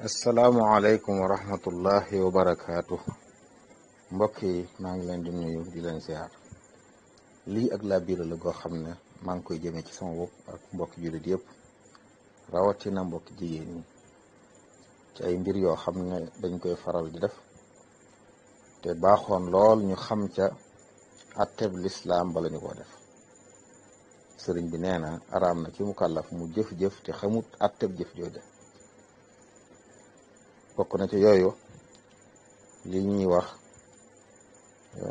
asalaamualeykum wa rahmatullahi wa barakaatu mbokk yi maa ngi leen di nuyu di leen ziar lii ak laa biira la goo xam ne maa ngi koy jëmee ci sama bopp ak mbokki jullit yëpp rawatina mbokki jigéen ci ay mbir yoo xam ne dañ koy faral di def te baaxoon lool ñu xam ca atteb lislaam bala ko def sëriñ bi nee na araam na ci mukallaf mu jëf-jëf te xamut atteb jëf jooju bokk na ci yooyu li ñuy wax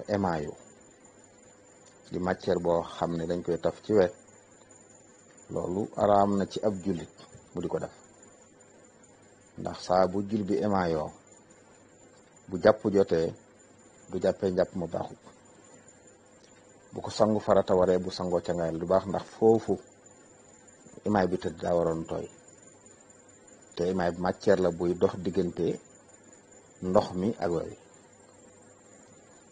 émail euh, di matière boo xam ne dañ koy taf ci wet loolu araam na ci ab julit mu di ko def ndax saa bu jul bi émailloo bu jàpp jote du jàppee njàpp mu baaxut bu ko sangu farata waree bu sangoo cangaayal du baax ndax foofu émail bi tëdd daa waroon tooy te may matière la buy dox diggante ndox mi ak waay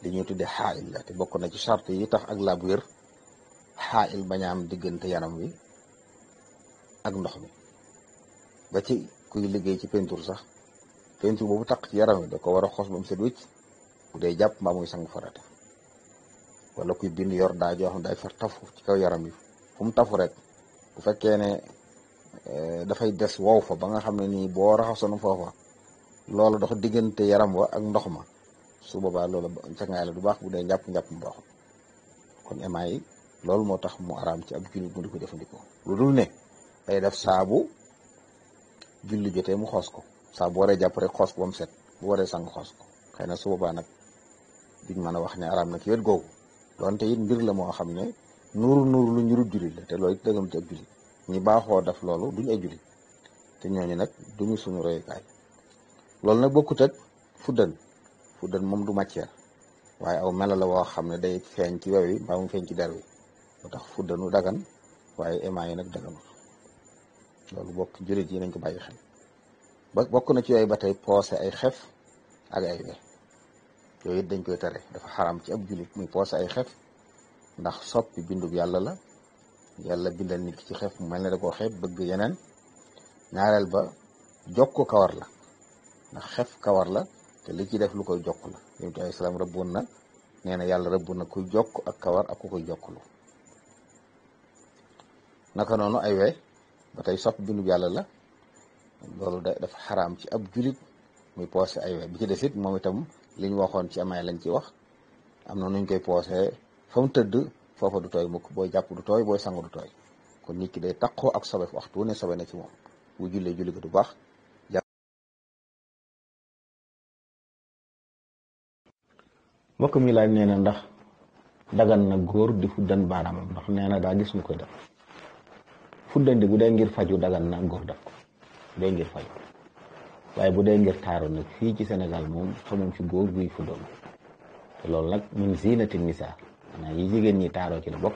li ñuy tuddee xaayil la te bokk na ci charte yi tax ak laab wér xaayil bañ a am diggante yaram wi ak ndox mi ba ci kuy liggéey ci peinture sax peinture boobu taq ci yaram wi da ko war a xos ba mu set wicc bu dee jàpp mbaa muy sangu farata wala kuy bind yor daa joo xam day far tafu ci kaw yaram wi fu tafu rek bu fekkee Eh, dafay des wow fa ba nga xam ne nii boo raxasoon foofa loolu dox diggante yaram wa ak ndox ma su boobaa loolu cangaay la du baax bu dee njàpp njàpp mu baaxul kon émail yi loolu moo tax mu araam ci ab jullit mu di ko jëfandikoo lu dul ne day def saabu julli jotee mu xoos ko saa bu waree jàpp rek xoos ko mu set bu waree sang xos ko xëy na su nag duñ mën a wax ne araam na ci wet googu donte it mbir la moo xam ne nuuru nuuru lu njurut jullit la te loolu it dëggam ci ñi baaxoo def loolu duñu ay jullit te ñooñu nag duñu suñu royukaay loolu nag bokkut ak fuddan moom du matière waaye aw mela la woo xam ne day feeñ ci wew yi mbaa feeñ ci der wi moo tax fuddanu dagan waaye émaa yi nag daganul loolu bokk jullit yi nañ ko bokk na ci yooyu ba poosé ay xef ak ay dañ koy tere dafa xaram ci ab jullit muy poosé ay xef ndax soppi bindub yàlla la yàlla bindal nit ci xef mel ne da koo xeeb bëgg yeneen ñaareel ba jokk ko kawar la ndax xef kawar la te li ci def lu koy jokk la yonent bi alayhi na nee na yàlla rëbboon na kuy jokk ak kawar ak ku koy naka noonu ay we ba tey sopp bindub yàlla la loolu da def xaram ci ab julit muy poosé ay we bi ci des it moom itam li ñu waxoon ci amay lañ ci wax am na nuñ koy poosé fa tëdd foofa du tooy mukk booy jàpp du tooy booy sangu du tooy kon nit ki day taqoo ak sobe waxtu ne sobe na ci moom bu jullee julli ga du baax mbokk mi laaj nee na ndax dagan na góor di fuddan baaraamam ndax nee na daa gis mu koy def fuddandi bu dee ngir faju dagan na góor def ko bu dee ngir faju waaye bu dee ngir taaru nag fii ci senegal moom xamuñ fi góor buy fuddoon te loolu nag min ziinati nisaa xanaa yi jigéen ñi taaroo ci la bokk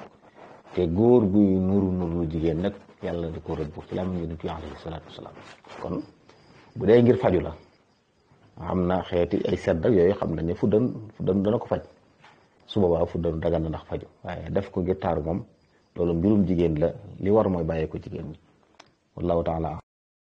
te góor guy nuru nuru jigéen nag yàlla di ko rëbb ci la am yonent bi alayhi salaatu wasalaam kon bu dee ngir faju la xam na xeeti ay sedd ak yooyu xam nañ ne fuddan fuddan ko faj su boobaa fuddan dagan na ndax faju waaye def ko ngir taaru moom loolu mbirum jigéen la li war mooy bàyyee ko jigéen ñi wallahu taala